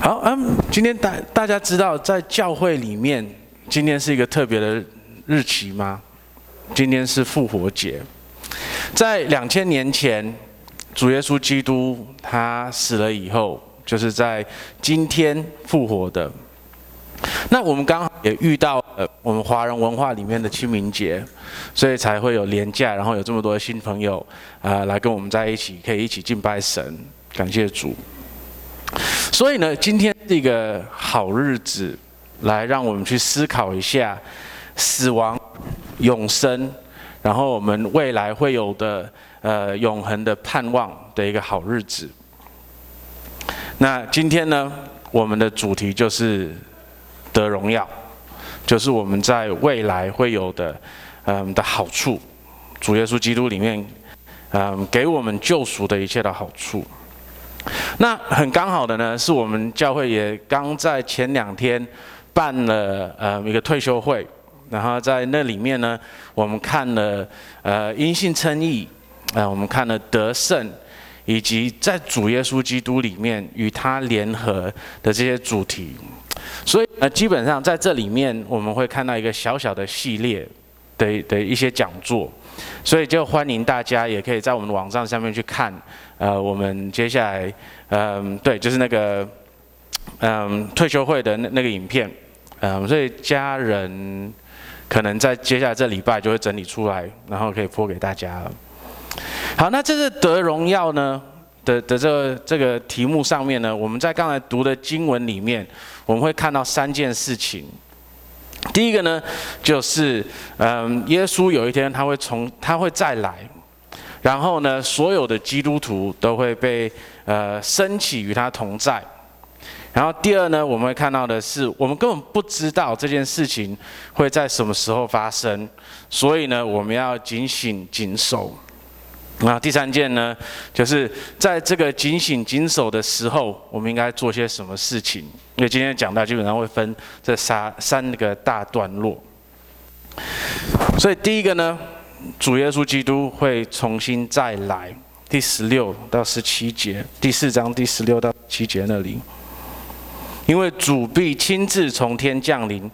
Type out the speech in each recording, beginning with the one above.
好，嗯，今天大大家知道在教會裡面，今天是一個特別的日期嗎？今天是復活節，在兩千年前，主耶穌基督他死了以後，就是在今天復活的。那我們剛好也遇到呃，我們華人文化裡面的清明節，所以才會有連假，然後有這麼多的新朋友啊、呃、來跟我們在一起，可以一起敬拜神，感謝主。所以呢，今天是一個好日子，來讓我們去思考一下死亡、永生，然後我們未來會有的呃永恆的盼望的一個好日子。那今天呢，我們的主題就是得榮耀，就是我們在未來會有的嗯、呃、的好處，主耶穌基督裡面嗯、呃、給我們救贖的一切的好處。那很剛好的呢，是我們教會也剛在前兩天辦了呃一個退休會，然後在那裡面呢，我們看了呃因信稱義，啊、呃、我們看了得勝，以及在主耶穌基督裡面與他聯合的這些主題，所以呃基本上在這裡面我們會看到一個小小的系列。的的一些講座，所以就歡迎大家，也可以在我們的網站上面去看。呃，我們接下來，嗯、呃，對，就是那個，嗯、呃，退休會的那那個影片，嗯、呃，所以家人可能在接下來這禮拜就會整理出來，然後可以播給大家了。好，那這是得榮耀呢的的這個、這個題目上面呢，我們在剛才讀的經文裡面，我們會看到三件事情。第一個呢，就是嗯，耶穌有一天他會從他會再來，然後呢，所有的基督徒都會被呃升起與他同在。然後第二呢，我們會看到的是，我們根本不知道這件事情會在什麼時候發生，所以呢，我們要警醒謹守。那第三件呢，就是在這個警醒警守的時候，我們應該做些什麼事情？因為今天講到基本上會分這三三個大段落，所以第一個呢，主耶穌基督會重新再來，第十六到十七節，第四章第十六到七節那裡，因為主必親自從天降臨，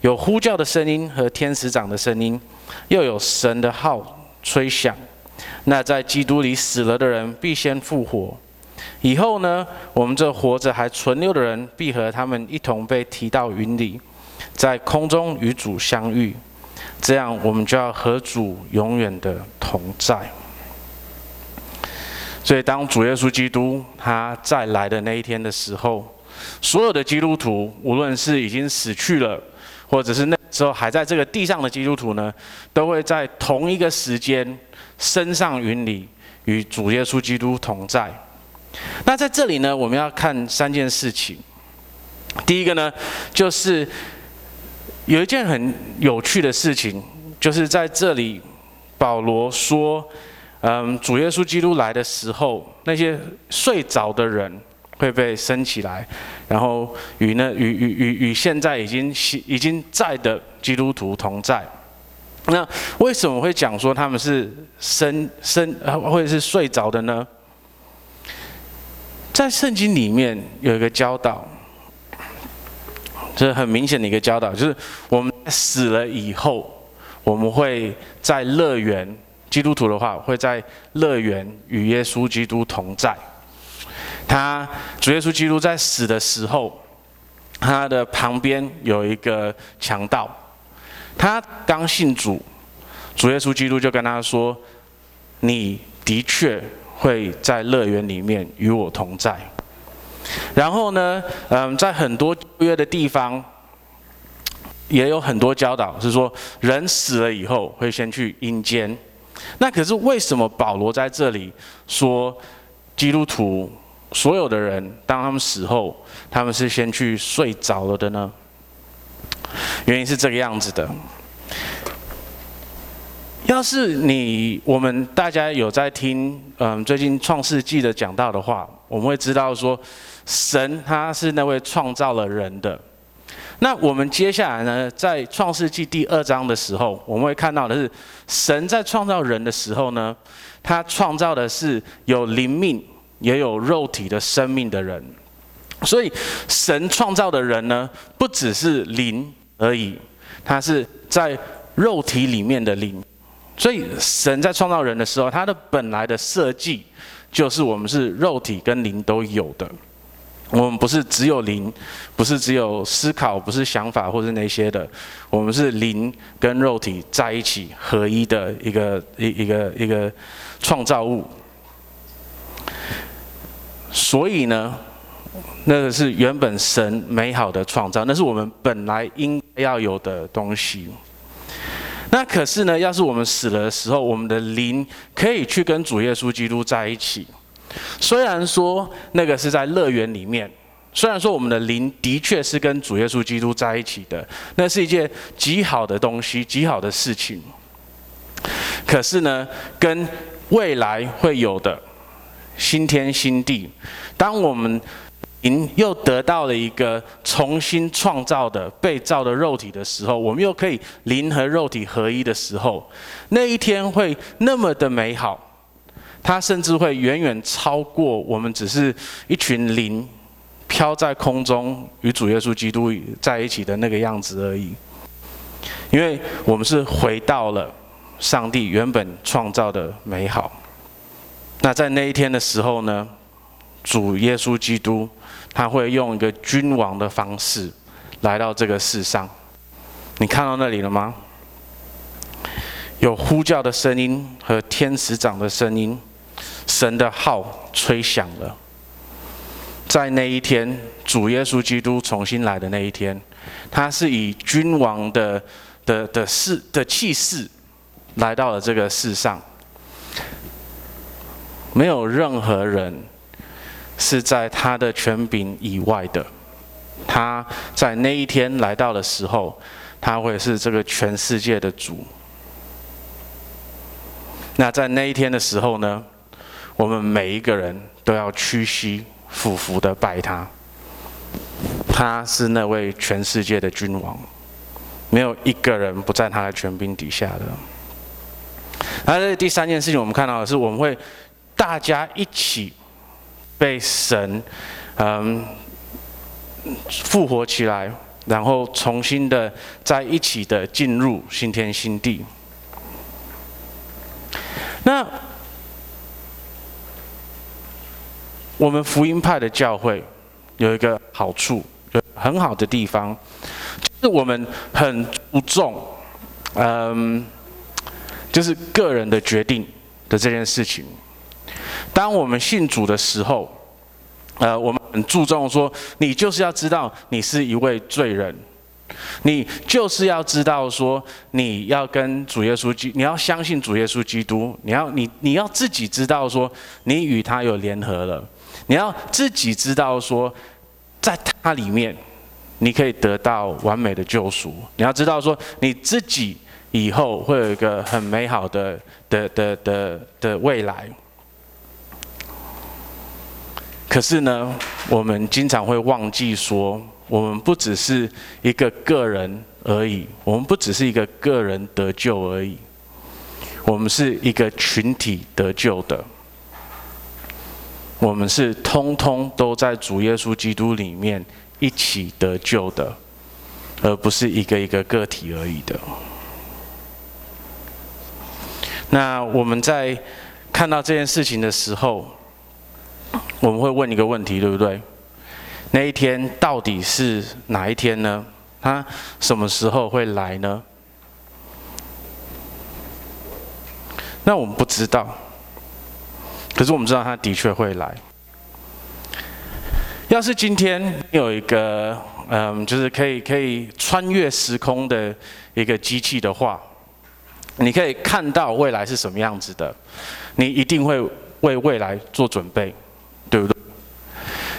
有呼叫的聲音和天使長的聲音，又有神的號吹響。那在基督裡死了的人必先復活，以後呢，我們這活着還存留的人必和他們一同被提到雲裡，在空中與主相遇，這樣我們就要和主永遠的同在。所以，當主耶穌基督他再來的那一天的時候，所有的基督徒，無論是已經死去了，或者是那時候還在這個地上的基督徒呢，都會在同一個時間。升上雲裡，與主耶穌基督同在。那在這裡呢，我們要看三件事情。第一個呢，就是有一件很有趣的事情，就是在這裡，保羅說，嗯，主耶穌基督來的時候，那些睡着的人會被升起來，然後與那與與與與現在已經已經在的基督徒同在。那為什麼會講說他們是生生，或者是睡着的呢？在聖經裡面有一個教導，這、就是、很明顯的一個教導，就是我們死了以後，我們會在樂園。基督徒的話會在樂園與耶穌基督同在。他主耶穌基督在死的時候，他的旁邊有一個強盜。他剛信主，主耶穌基督就跟他說：“你的確會在樂園裡面與我同在。”然後呢，嗯，在很多約的地方也有很多教導是說，人死了以後會先去陰間。那可是為什麼保羅在這裡說，基督徒所有的人當他們死後，他們是先去睡着了的呢？原因是這個樣子的。要是你我們大家有在聽，嗯，最近創世紀的講道的話，我們會知道說，神他是那位創造了人的。那我們接下來呢，在創世紀第二章的時候，我們會看到的是，神在創造人的時候呢，他創造的是有靈命也有肉體的生命的人。所以，神創造的人呢，不只是靈。而已，它是在肉體裡面的靈，所以神在創造人的時候，它的本來的設計就是我們是肉體跟靈都有的，我們不是只有靈，不是只有思考，不是想法或是那些的，我們是靈跟肉體在一起合一的一個一個一個一個創造物，所以呢。那個是原本神美好的創造，那是我們本來應該要有的東西。那可是呢，要是我們死了的時候，我們的靈可以去跟主耶穌基督在一起，雖然說那個是在樂園裡面，雖然說我們的靈的確是跟主耶穌基督在一起的，那是一件極好的東西，極好的事情。可是呢，跟未來會有的新天新地，當我們。您又得到了一個重新創造的被造的肉體的時候，我們又可以靈和肉體合一的時候，那一天會那麼的美好，它甚至會遠遠超過我們只是一群靈飄在空中與主耶穌基督在一起的那個樣子而已，因為我們是回到了上帝原本創造的美好。那在那一天的時候呢，主耶穌基督。他會用一個君王的方式來到這個世上，你看到那裡了嗎？有呼叫的聲音和天使長的聲音，神的號吹響了。在那一天，主耶穌基督重新來的那一天，他是以君王的的的勢的氣勢來到了這個世上，沒有任何人，是在他的權柄以外的。他在那一天來到的時候，他會是這個全世界的主。那在那一天的時候呢，我們每一個人都要屈膝俯伏的拜他。他是那位全世界的君王，沒有一個人不在他的權柄底下的。而第三件事情，我們看到的是，我們會大家一起。被神，嗯，復活起來，然後重新的在一起的進入新天新地。那我們福音派的教會有一個好處，就很好的地方，就是我們很注重，嗯，就是個人的決定的這件事情。當我們信主的時候，呃，我們很注重說，你就是要知道你是一位罪人，你就是要知道說，你要跟主耶穌基，你要相信主耶穌基督，你要你你要自己知道說，你與他有聯合了，你要自己知道說，在他裡面你可以得到完美的救贖，你要知道說，你自己以後會有一個很美好的的的的的未來。可是呢，我們經常會忘記說，我們不只是一個個人而已，我們不只是一個個人得救而已，我們是一個群體得救的，我們是通通都在主耶穌基督裡面一起得救的，而不是一個一個個體而已的。那我們在看到這件事情的時候，我們會問一個問題，對不對？那一天到底是哪一天呢？它什麼時候會來呢？那我們不知道，可是我們知道它的確會來。要是今天有一個嗯、呃，就是可以可以穿越時空的一個機器的話，你可以看到未來是什麼樣子的，你一定會為未來做準備。對不對？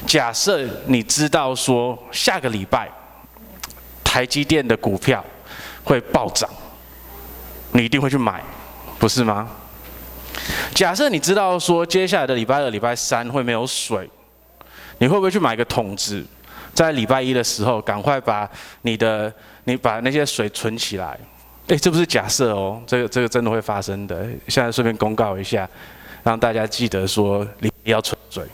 假設你知道說下個禮拜，台積電的股票會暴漲，你一定會去買，不是嗎？假設你知道說接下來的禮拜二、禮拜三會沒有水，你會不會去買一個桶子，在禮拜一的時候趕快把你的、你把那些水存起來？哎，這不是假設哦，這個、這個真的會發生的。現在順便公告一下，讓大家記得說禮拜一要存水。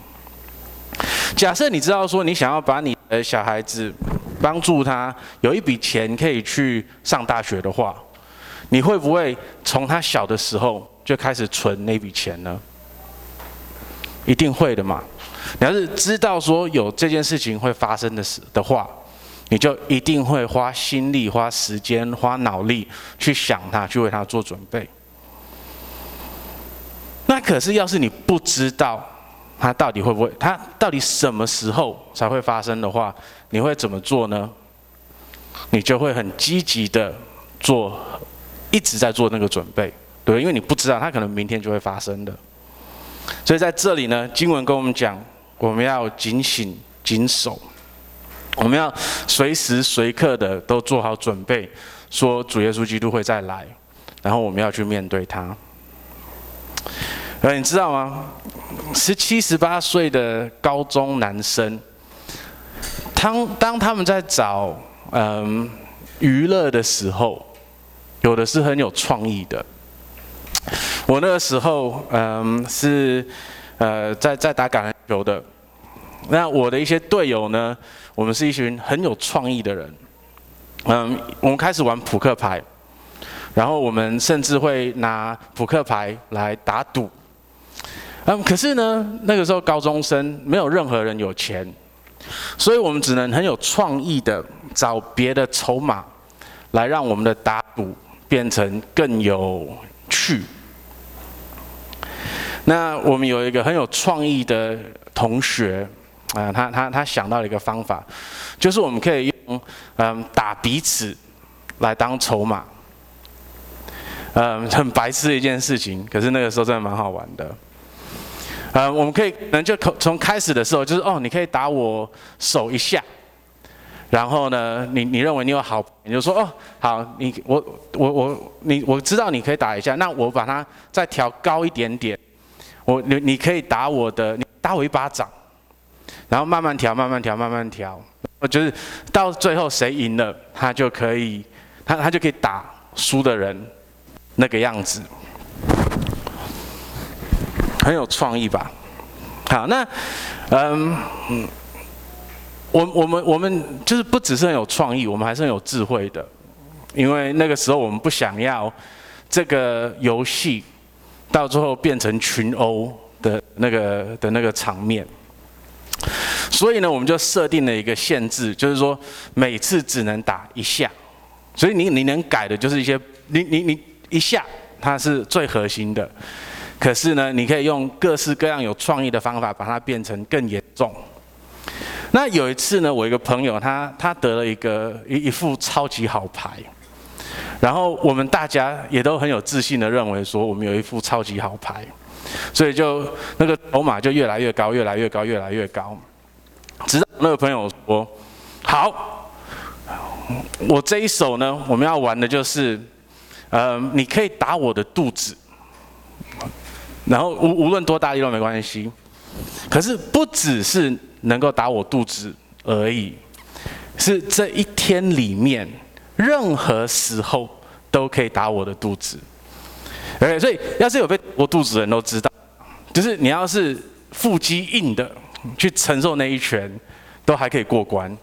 假設你知道說，你想要把你的小孩子幫助他有一筆錢可以去上大學的話，你會不會從他小的時候就開始存那筆錢呢？一定會的嘛。你要是知道說有這件事情會發生的事的話，你就一定會花心力、花時間、花腦力去想他，去為他做準備。那可是要是你不知道。他到底會不會？他到底什麼時候才會發生的話，你會怎麼做呢？你就會很積極的做，一直在做那個準備，對，因為你不知道他可能明天就會發生的。所以在這裡呢，經文跟我們講，我們要警醒、謹守，我們要隨時隨刻的都做好準備，說主耶穌基督會再來，然後我們要去面對他。而，你知道嗎？十七、十八歲的高中男生，當當他們在找嗯娛樂的時候，有的是很有創意的。我那個時候嗯是呃在在打橄欖球的，那我的一些隊友呢，我們是一群很有創意的人。嗯，我們開始玩撲克牌，然後我們甚至會拿撲克牌來打賭。嗯，可是呢，那個時候高中生沒有任何人有錢，所以我們只能很有創意的找別的籌碼，來讓我們的打賭變成更有趣。那我們有一個很有創意的同學啊、呃，他他他想到了一個方法，就是我們可以用嗯、呃、打彼此來當籌碼，嗯、呃，很白痴的一件事情，可是那個時候真的蠻好玩的。呃，我們可以，人就從開始的時候就是，哦，你可以打我手一下，然後呢，你你認為你有好朋友，你就說，哦，好，你我我我，你我知道你可以打一下，那我把它再調高一點點，我你你可以打我的，你打我一巴掌，然後慢慢調，慢慢調，慢慢調，就是到最後誰贏了，他就可以，他他就可以打輸的人那個樣子。很有創意吧？好，那，嗯嗯，我我們我們就是不只是很有創意，我們還是很有智慧的，因為那個時候我們不想要這個遊戲到最後變成群毆的那個的那個場面，所以呢，我們就設定了一個限制，就是說每次只能打一下，所以你你能改的就是一些，你你你一下，它是最核心的。可是呢，你可以用各式各樣有創意的方法，把它變成更嚴重。那有一次呢，我一個朋友他他得了一個一一副超級好牌，然後我們大家也都很有自信的認為說，我們有一副超級好牌，所以就那個籌碼就越來越高，越來越高，越來越高，直到那個朋友說：“好，我這一手呢，我們要玩的就是，嗯，呃，你可以打我的肚子。”然後無無論多大力都沒關係，可是不只是能夠打我肚子而已，是這一天裡面任何時候都可以打我的肚子。OK，所以要是有被打我肚子的人都知道，就是你要是腹肌硬的去承受那一拳，都還可以過關。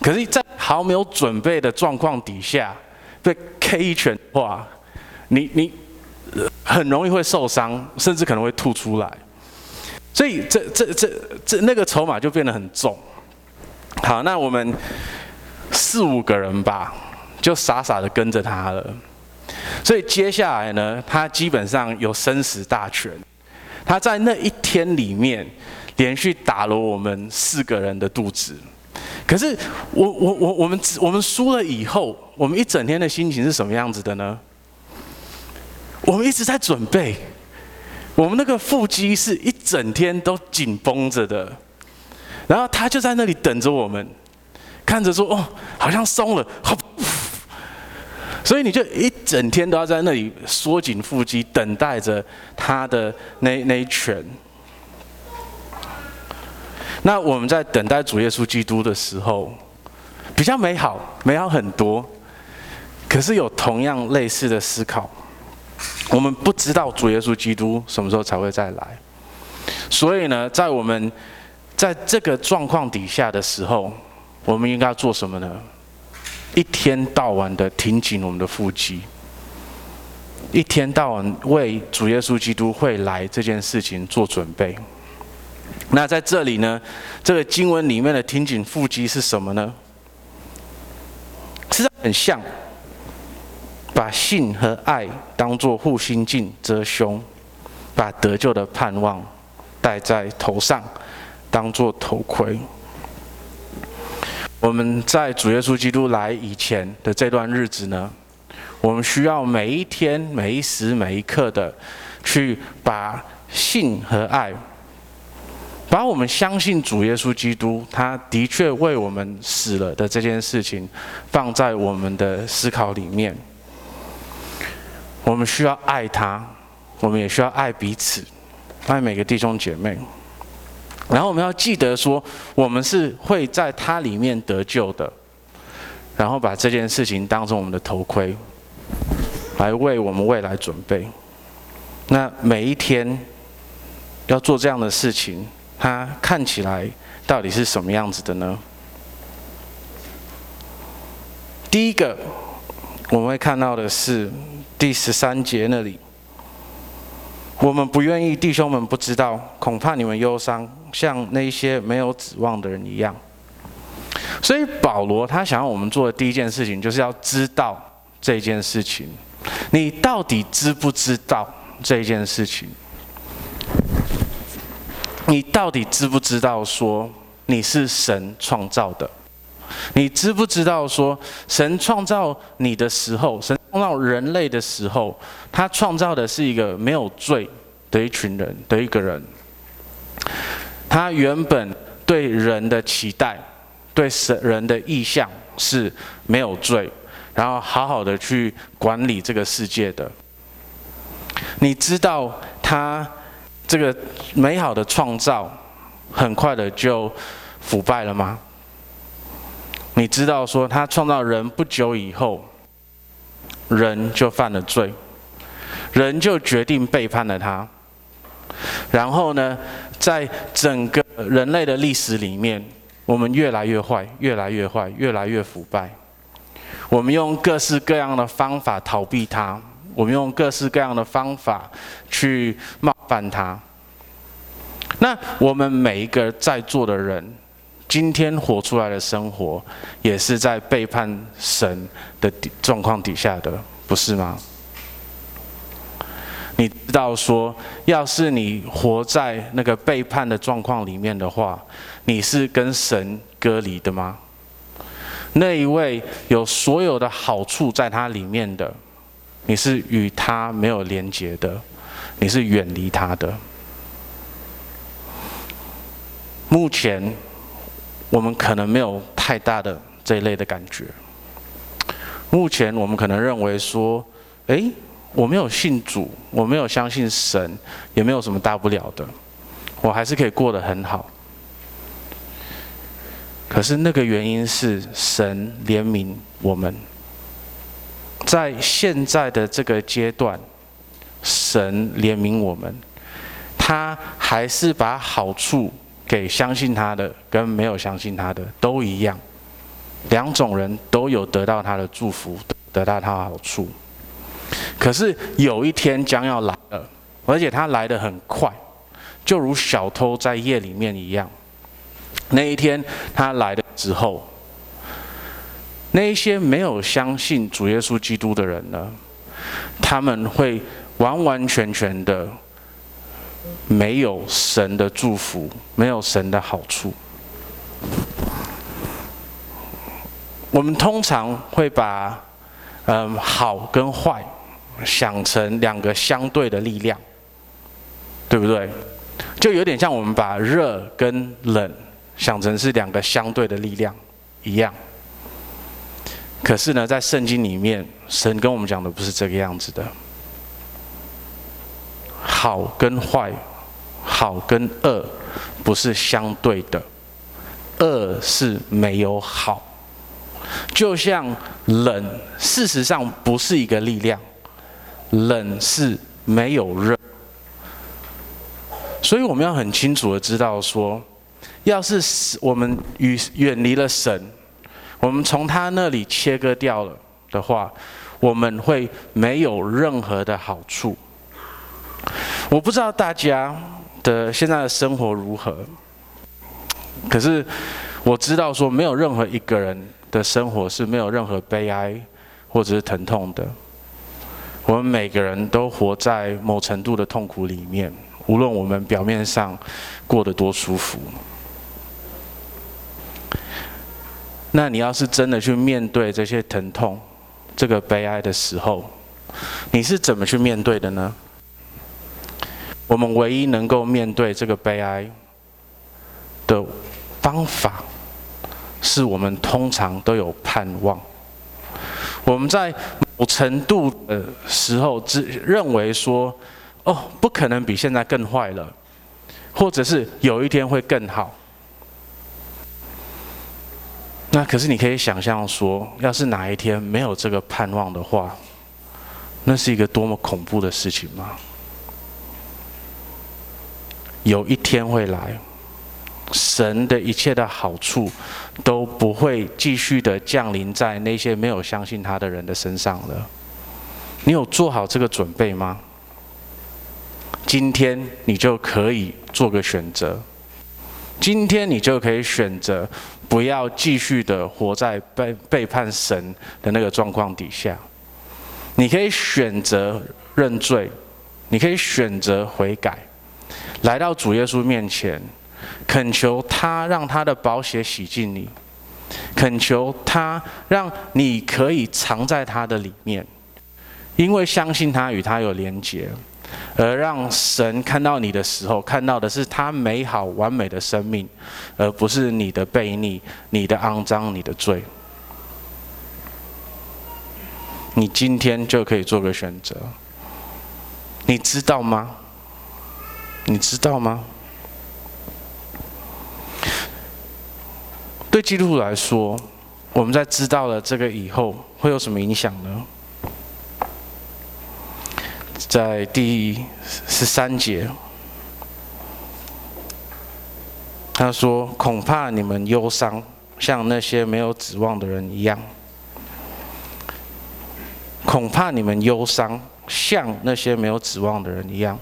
可是，在毫沒有準備的狀況底下，被 K 一拳，哇，你你。很容易會受傷，甚至可能會吐出來，所以這這這這那個籌碼就變得很重。好，那我們四五個人吧，就傻傻的跟着他了。所以接下來呢，他基本上有生死大權。他在那一天裡面，連續打了我們四個人的肚子。可是我我我我們我們輸了以後，我們一整天的心情是什麼樣子的呢？我們一直在準備，我們那個腹肌是一整天都緊繃着的，然後他就在那裡等着我們，看着說：“哦，好像鬆了。”哦，好，所以你就一整天都要在那裡縮緊腹肌，等待着他的那那一拳。那我們在等待主耶穌基督的時候，比較美好，美好很多，可是有同樣類似的思考。我們不知道主耶穌基督什麼時候才會再來，所以呢，在我們在這個狀況底下的時候，我們應該要做什麼呢？一天到晚的挺緊我們的腹肌，一天到晚為主耶穌基督會來這件事情做準備。那在這裡呢，這個經文裡面的挺緊腹肌是什麼呢？實際上很像。把信和愛當作護心鏡遮胸，把得救的盼望戴在頭上，當作頭盔。我們在主耶穌基督來以前的這段日子呢，我們需要每一天、每一時、每一刻的去把信和愛，把我們相信主耶穌基督，他的確為我們死了的這件事情，放在我們的思考裡面。我們需要愛他，我們也需要愛彼此，愛每個弟兄姐妹。然後我們要記得說，我們是會在他裡面得救的。然後把這件事情當成我們的頭盔，來為我們未來準備。那每一天要做這樣的事情，它看起來到底是什麼樣子的呢？第一個。我們會看到的是第十三節那裡，我們不願意弟兄們不知道，恐怕你們憂傷，像那些沒有指望的人一樣。所以保羅他想要我們做的第一件事情，就是要知道這件事情。你到底知不知道這件事情？你到底知不知道說你是神創造的？你知不知道？說神創造你的時候，神創造人類的時候，他創造的是一個沒有罪的一群人的一個人。他原本對人的期待，對神人的意向是沒有罪，然後好好的去管理這個世界的。你知道他這個美好的創造，很快的就腐敗了嗎？你知道，說他創造人不久以後，人就犯了罪，人就決定背叛了他。然後呢，在整個人類的歷史裡面，我們越來越壞，越來越壞，越來越腐敗。我們用各式各樣的方法逃避他，我們用各式各樣的方法去冒犯他。那我們每一個在座的人。今天活出來的生活，也是在背叛神的狀況底下的，不是嗎？你知道說，要是你活在那個背叛的狀況裡面的話，你是跟神隔離的嗎？那一位有所有的好處在他裡面的，你是與他沒有連接的，你是遠離他的。目前，我們可能沒有太大的這一類的感覺。目前我們可能認為說，哎，我沒有信主，我沒有相信神，也沒有什麼大不了的，我還是可以過得很好。可是那個原因是神憐憫我們，在現在的這個階段，神憐憫我們，他還是把好處。給相信他的跟沒有相信他的都一樣，兩種人都有得到他的祝福，得到他的好處。可是有一天將要來了，而且他來的很快，就如小偷在夜裡面一樣。那一天他來的時候，那一些沒有相信主耶穌基督的人呢，他們會完完全全的。沒有神的祝福，沒有神的好處。我們通常會把嗯、呃、好跟壞想成兩個相對的力量，對不對？就有點像我們把熱跟冷想成是兩個相對的力量一樣。可是呢，在聖經裡面，神跟我們講的不是這個樣子的。好跟壞，好跟惡，不是相對的，惡是沒有好。就像冷，事實上不是一個力量，冷是沒有熱。所以我們要很清楚的知道說，要是我們與遠離了神，我們從他那裡切割掉了的話，我們會沒有任何的好處。我不知道大家的現在的生活如何，可是我知道說，沒有任何一個人的生活是沒有任何悲哀或者是疼痛的。我們每個人都活在某程度的痛苦裡面，無論我們表面上過得多舒服。那你要是真的去面對這些疼痛，這個悲哀的時候，你是怎麼去面對的呢？我們唯一能夠面對這個悲哀的方法，是我們通常都有盼望。我們在某程度的時候，只認為說：“哦，不可能比現在更壞了，或者是有一天會更好。”那可是你可以想象說，要是哪一天沒有這個盼望的話，那是一個多麼恐怖的事情嗎？有一天會來，神的一切的好處都不會繼續的降臨在那些沒有相信他的人的身上了。你有做好這個準備嗎？今天你就可以做個選擇，今天你就可以選擇不要繼續的活在背背叛神的那個狀況底下。你可以選擇認罪，你可以選擇悔改。來到主耶穌面前，懇求他讓他的寶血洗淨你，懇求他讓你可以藏在他的裡面，因為相信他與他有連結，而讓神看到你的時候，看到的是他美好完美的生命，而不是你的悖逆、你的骯髒、你的罪。你今天就可以做個選擇，你知道嗎？你知道嗎？對基督徒來說，我們在知道了這個以後，會有什麼影響呢？在第十三節，他說：“恐怕你們憂傷，像那些沒有指望的人一樣；恐怕你們憂傷，像那些沒有指望的人一樣。”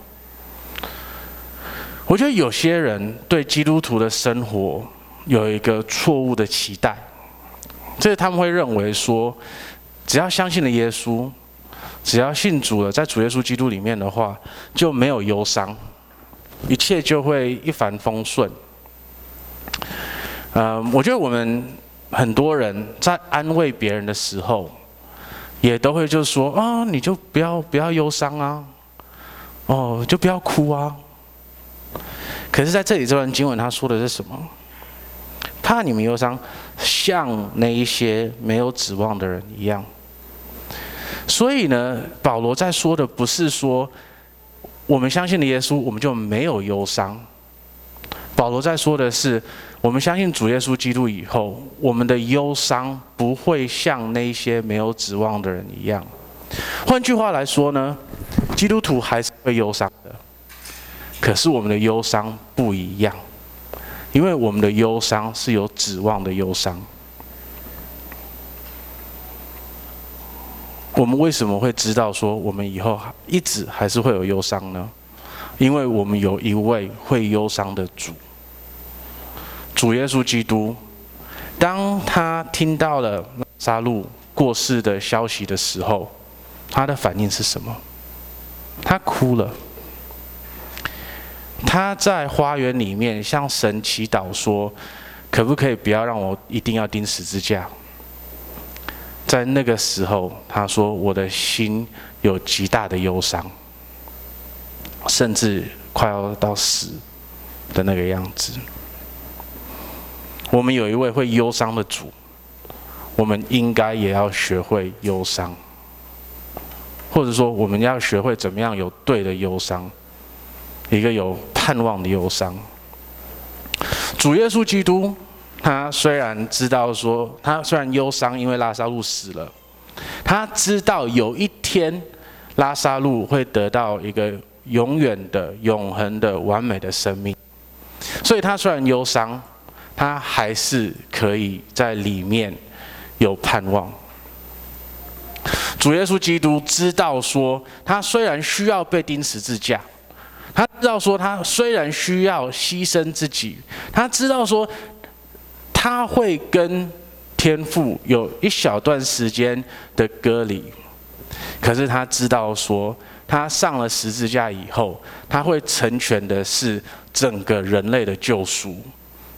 我覺得有些人對基督徒的生活有一個錯誤的期待，就是他們會認為說，只要相信了耶穌，只要信主了，在主耶穌基督裡面的話，就沒有憂傷，一切就會一帆風順。呃，我覺得我們很多人在安慰別人的時候，也都會就說啊、哦，你就不要不要憂傷啊，哦，就不要哭啊。可是，在這裡這段經文，他說的是什麼？怕你們憂傷，像那一些沒有指望的人一樣。所以呢，保羅在說的不是說我們相信了耶穌，我們就沒有憂傷。保羅在說的是，我們相信主耶穌基督以後，我們的憂傷不會像那些沒有指望的人一樣。換句話來說呢，基督徒還是會憂傷的。可是我們的憂傷不一樣，因為我們的憂傷是有指望的憂傷。我們為什麼會知道說我們以後一直還是會有憂傷呢？因為我們有一位會憂傷的主，主耶穌基督。當他聽到了拉撒路過世的消息的時候，他的反應是什麼？他哭了。他在花園裡面向神祈禱說：“可不可以不要讓我一定要釘十字架？”在那個時候，他說：“我的心有極大的憂傷，甚至快要到死的那個樣子。”我們有一位會憂傷的主，我們應該也要學會憂傷，或者說，我們要學會怎麼樣有對的憂傷。一個有盼望的憂傷。主耶穌基督，他雖然知道說，他雖然憂傷，因為拉撒路死了，他知道有一天拉撒路會得到一個永遠的、永恆的、完美的生命，所以他雖然憂傷，他還是可以在裡面有盼望。主耶穌基督知道說，他雖然需要被釘十字架。他知道說，他雖然需要犧牲自己，他知道說，他會跟天父有一小段時間的隔離，可是他知道說，他上了十字架以後，他會成全的是整個人類的救贖，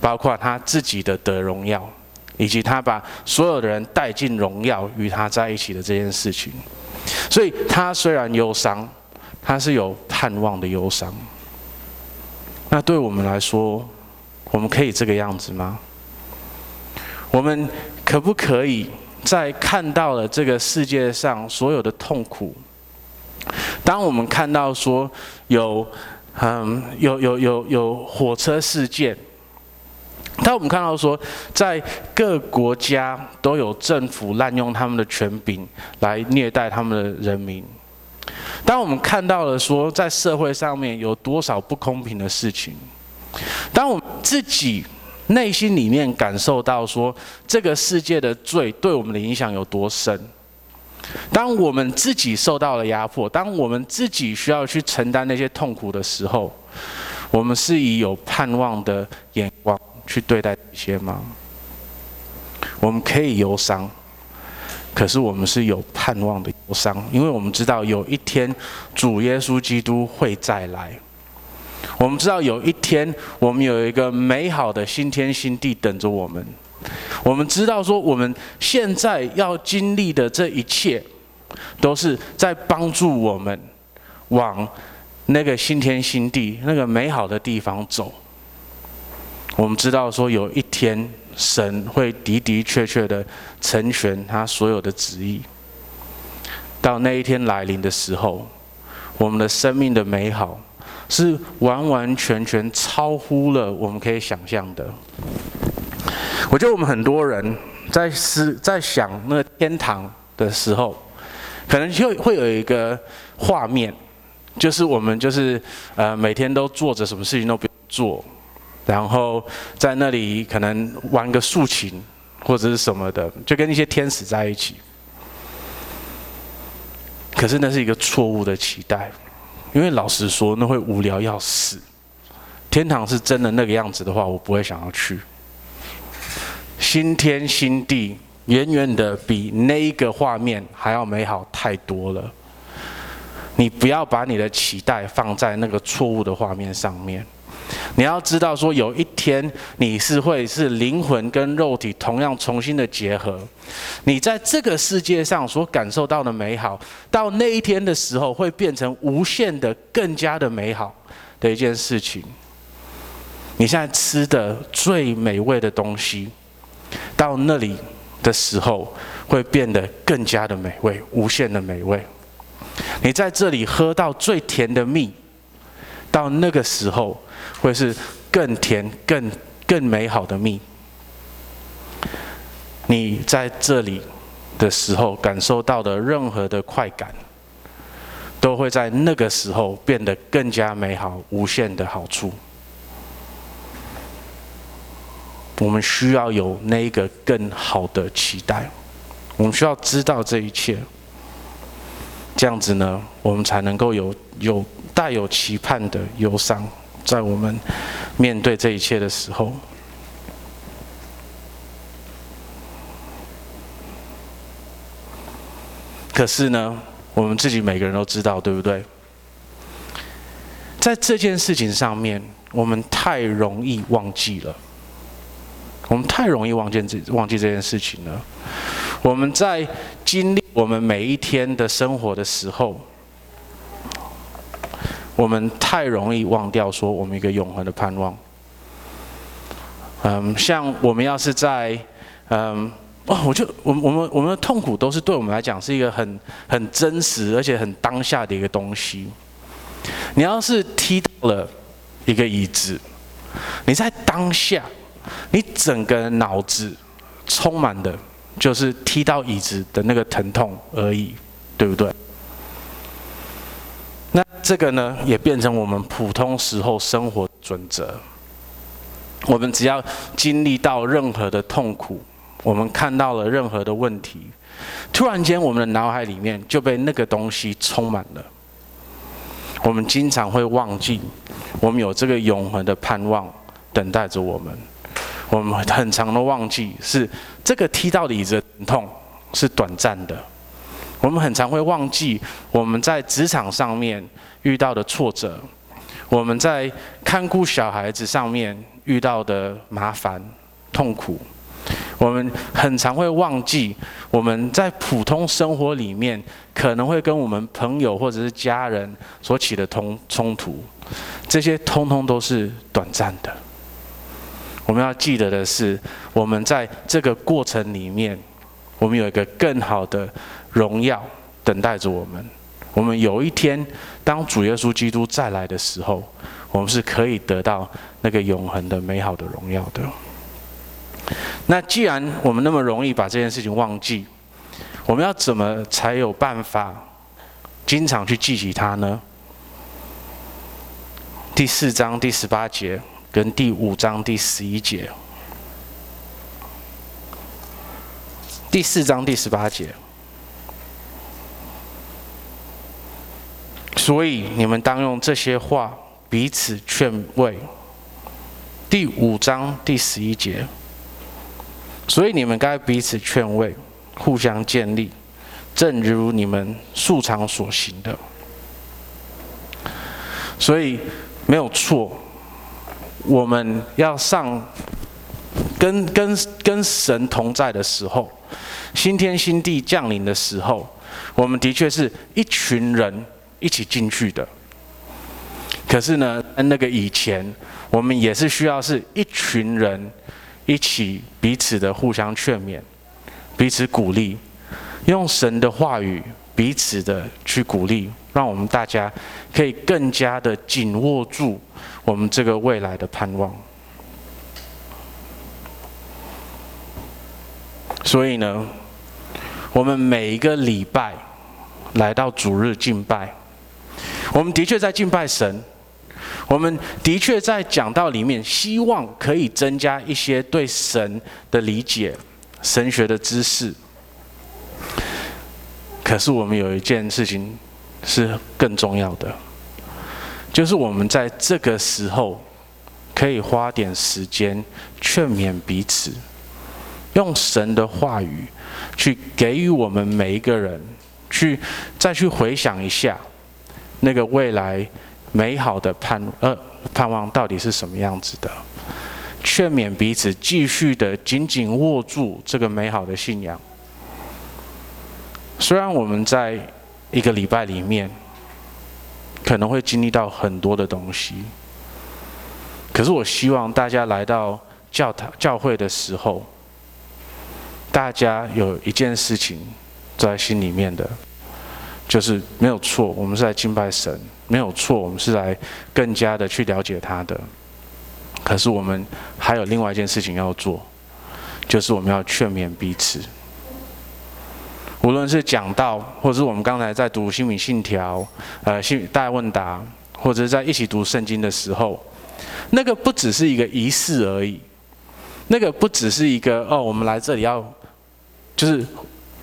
包括他自己的得榮耀，以及他把所有的人帶進榮耀與他在一起的這件事情。所以，他雖然憂傷。他是有盼望的憂傷，那對我們來說，我們可以這個樣子嗎？我們可不可以，在看到了這個世界上所有的痛苦，當我們看到說有，嗯，有有有有火車事件，當我們看到說，在各國家都有政府濫用他們的權柄來虐待他們的人民。當我們看到了說，在社會上面有多少不公平的事情，當我們自己內心裡面感受到說，這個世界的罪對我們的影響有多深，當我們自己受到了壓迫，當我們自己需要去承擔那些痛苦的時候，我們是以有盼望的眼光去對待一些嗎？我們可以憂傷。可是我們是有盼望的憂傷，因為我們知道有一天，主耶穌基督會再來。我們知道有一天，我們有一個美好的新天新地等着我們。我們知道說，我們現在要經歷的這一切，都是在幫助我們往那個新天新地、那個美好的地方走。我們知道說，有一天，神會的的確確的成全他所有的旨意。到那一天來臨的時候，我們的生命的美好是完完全全超乎了我們可以想象的。我覺得我們很多人在思在想那天堂的時候，可能就會有一個畫面，就是我們就是呃每天都做着什麼事情都不用做。然後在那裡可能玩個豎琴或者是什麼的，就跟一些天使在一起。可是那是一個錯誤的期待，因為老實說，那會無聊要死。天堂是真的那個樣子的話，我不會想要去。新天新地，遠遠的比那一個畫面還要美好太多了。你不要把你的期待放在那個錯誤的畫面上面。你要知道，說有一天你是會是靈魂跟肉體同樣重新的結合，你在這個世界上所感受到的美好，到那一天的時候會變成無限的、更加的美好的一件事情。你現在吃的最美味的東西，到那裡的時候會變得更加的美味，無限的美味。你在這裡喝到最甜的蜜，到那個時候。會是更甜，更更美好的蜜。你在這裡的時候感受到的任何的快感，都會在那個時候變得更加美好，無限的好處。我們需要有那個更好的期待，我們需要知道這一切，這樣子呢，我們才能夠有有帶有期盼的憂傷。在我們面對這一切的時候，可是呢，我們自己每個人都知道，對不對？在這件事情上面，我們太容易忘記了，我們太容易忘記這忘記這件事情了。我們在經歷我們每一天的生活的時候。我們太容易忘掉說我們一個永恆的盼望。嗯，像我們要是在，嗯，哦，我就我們我們我們的痛苦都是對我們來講是一個很很真實而且很當下的一個東西。你要是踢到了一個椅子，你在當下，你整個腦子充滿的，就是踢到椅子的那個疼痛而已，對不對？這個呢，也變成我們普通時候生活的準則。我們只要經歷到任何的痛苦，我們看到了任何的問題，突然間我們的腦海裡面就被那個東西充滿了。我們經常會忘記，我們有這個永恆的盼望等待着我們。我們很常的忘記是這個踢到椅子的痛是短暫的。我們很常會忘記我們在職場上面遇到的挫折，我們在看顧小孩子上面遇到的麻煩、痛苦，我們很常會忘記，我們在普通生活裡面可能會跟我們朋友或者是家人所起的衝衝突，這些通通都是短暫的。我們要記得的是，我們在這個過程裡面，我們有一個更好的榮耀等待着我們。我們有一天。當主耶穌基督再來的時候，我們是可以得到那個永恆的美好的榮耀的。那既然我們那麼容易把這件事情忘記，我們要怎麼才有辦法經常去記起它呢？第四章第十八節跟第五章第十一節，第四章第十八節。所以你們當用這些話彼此勸慰，第五章第十一節。所以你們該彼此勸慰，互相建立，正如你們素常所行的。所以沒有錯，我們要上跟跟跟神同在的時候，新天新地降臨的時候，我們的確是一群人。一起進去的。可是呢，那個以前我們也是需要是一群人一起彼此的互相勸勉，彼此鼓勵，用神的話語彼此的去鼓勵，讓我們大家可以更加的緊握住我們這個未來的盼望。所以呢，我們每一個禮拜來到主日敬拜。我們的確在敬拜神，我們的確在講道裡面，希望可以增加一些對神的理解、神學的知識。可是我們有一件事情是更重要的，就是我們在這個時候可以花點時間勸勉彼此，用神的話語去給予我們每一個人，去再去回想一下。那個未來美好的盼呃盼望，到底是什麼樣子的？勸勉彼此，繼續的緊緊握住這個美好的信仰。雖然我們在一個禮拜裡面可能會經歷到很多的東西，可是我希望大家來到教堂教會的時候，大家有一件事情在心裡面的。就是沒有錯，我們是來敬拜神，沒有錯，我們是來更加的去了解他的。可是我們還有另外一件事情要做，就是我們要勸勉彼此。無論是講道，或者是我們剛才在讀西敏信條、呃西敏大問答，或者是在一起讀聖經的時候，那個不只是一個儀式而已，那個不只是一個哦，我們來這裡要就是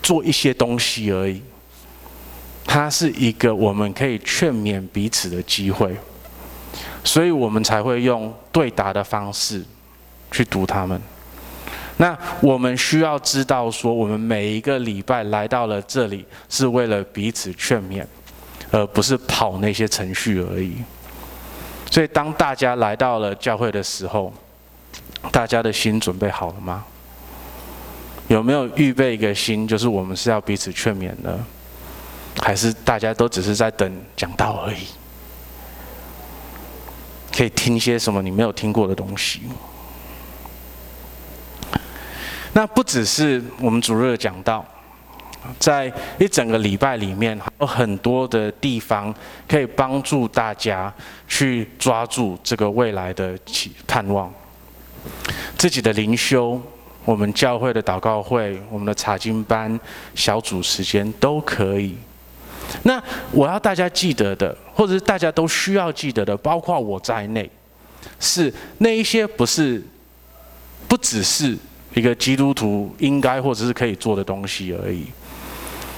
做一些東西而已。它是一個我們可以勸勉彼此的機會，所以我們才會用對答的方式去讀他們。那我們需要知道說，我們每一個禮拜來到了這裡，是為了彼此勸勉，而不是跑那些程序而已。所以，當大家來到了教會的時候，大家的心準備好了嗎？有沒有預備一個心，就是我們是要彼此勸勉的？還是大家都只是在等講道而已？可以聽一些什麼你沒有聽過的東西？那不只是我們主日的講道，在一整個禮拜裡面，有很多的地方可以幫助大家去抓住這個未來的期盼望。自己的靈修、我們教會的禱告會、我們的查經班、小組時間都可以。那我要大家記得的，或者是大家都需要記得的，包括我在內，是那一些不是，不只是一個基督徒應該或者是可以做的東西而已。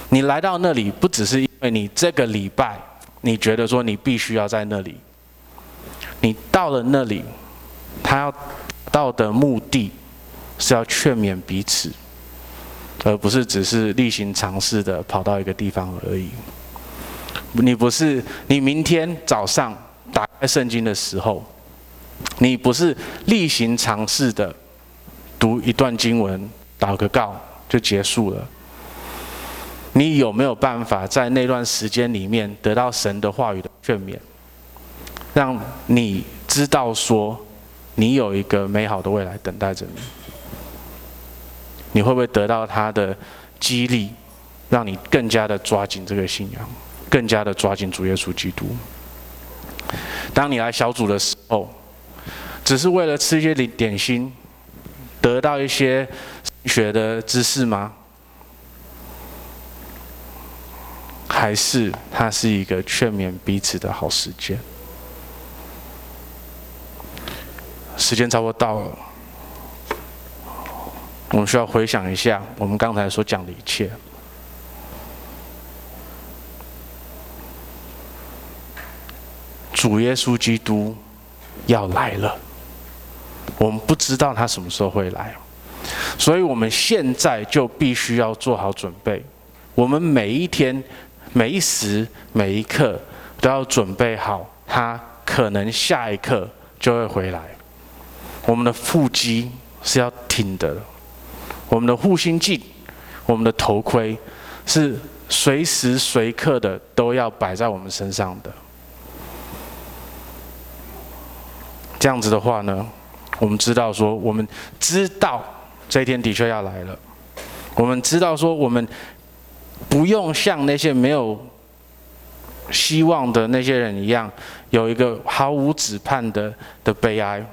你來到那裡，不只是因為你這個禮拜你覺得說你必須要在那裡。你到了那裡，他要到的目的，是要勸勉彼此，而不是只是例行嘗試的跑到一個地方而已。你不是你明天早上打開聖經的時候，你不是例行嘗試的讀一段經文、禱個告就結束了。你有沒有辦法在那段時間裡面得到神的話語的勸勉，讓你知道說你有一個美好的未來等待着你？你會不會得到他的激勵，讓你更加的抓緊這個信仰？更加的抓緊主耶穌基督。當你來小組的時候，只是為了吃一些點心，得到一些神學的知識嗎？還是它是一個勸勉彼此的好時間？時間差不多到了，我們需要回想一下我們剛才所講的一切。主耶穌基督要來了，我們不知道他什麼時候會來，所以我們現在就必須要做好準備。我們每一天、每一時、每一刻都要準備好，他可能下一刻就會回來。我們的腹肌是要挺的，我們的護心鏡、我們的頭盔是隨時隨刻的都要擺在我們身上的。這樣子的話呢，我們知道說，我們知道這一天的確要來了。我們知道說，我們不用像那些沒有希望的那些人一樣，有一個毫無指盼的的悲哀。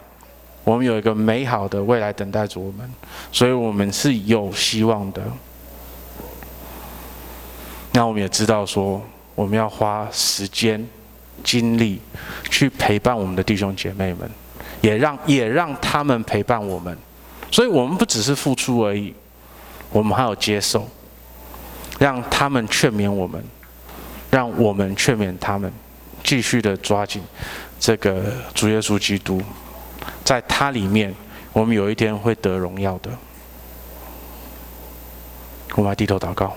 我們有一個美好的未來等待着我們，所以我們是有希望的。那我們也知道說，我們要花時間。精力去陪伴我們的弟兄姐妹們，也讓也讓他們陪伴我們，所以，我們不只是付出而已，我們還要接受，讓他們勸勉我們，讓我們勸勉他們，繼續的抓緊這個主耶穌基督，在他裡面，我們有一天會得榮耀的。我們來低頭禱告，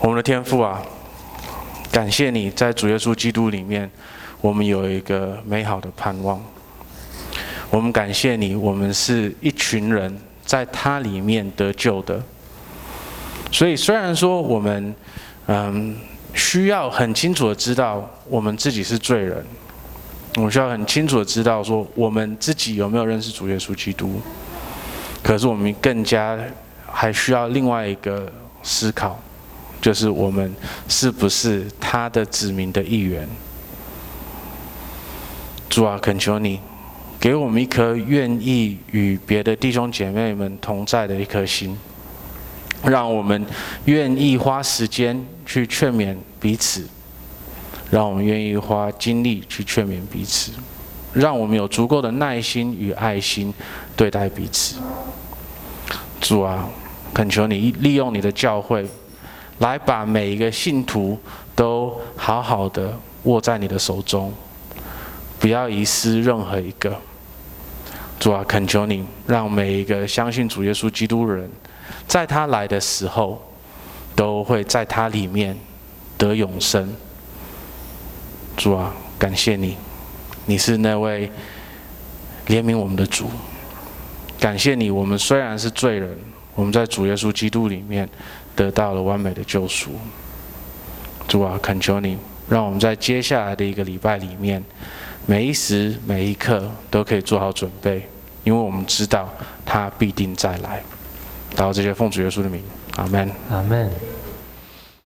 我們的天父啊。感謝你在主耶穌基督裡面，我們有一個美好的盼望。我們感謝你，我們是一群人在他裡面得救的。所以，雖然說我們，嗯，需要很清楚的知道我們自己是罪人，我們需要很清楚的知道說我們自己有沒有認識主耶穌基督。可是，我們更加還需要另外一個思考。就是我們是不是他的子民的一員？主啊，懇求你，給我們一顆願意與別的弟兄姐妹們同在的一顆心，讓我們願意花時間去勸勉彼此，讓我們願意花精力去勸勉彼此，讓我們有足夠的耐心與愛心對待彼此。主啊，懇求你利用你的教會。來把每一個信徒都好好的握在你的手中，不要遺失任何一個。主啊，懇求你，讓每一個相信主耶穌基督的人，在他來的時候，都會在他裡面得永生。主啊，感謝你，你是那位憐憫我們的主。感謝你，我們雖然是罪人，我們在主耶穌基督裡面。得到了完美的救贖，主啊，懇求你，讓我們在接下來的一個禮拜裡面，每一時每一刻都可以做好準備，因為我們知道他必定再來。到這些奉主耶穌的名，阿門，阿門。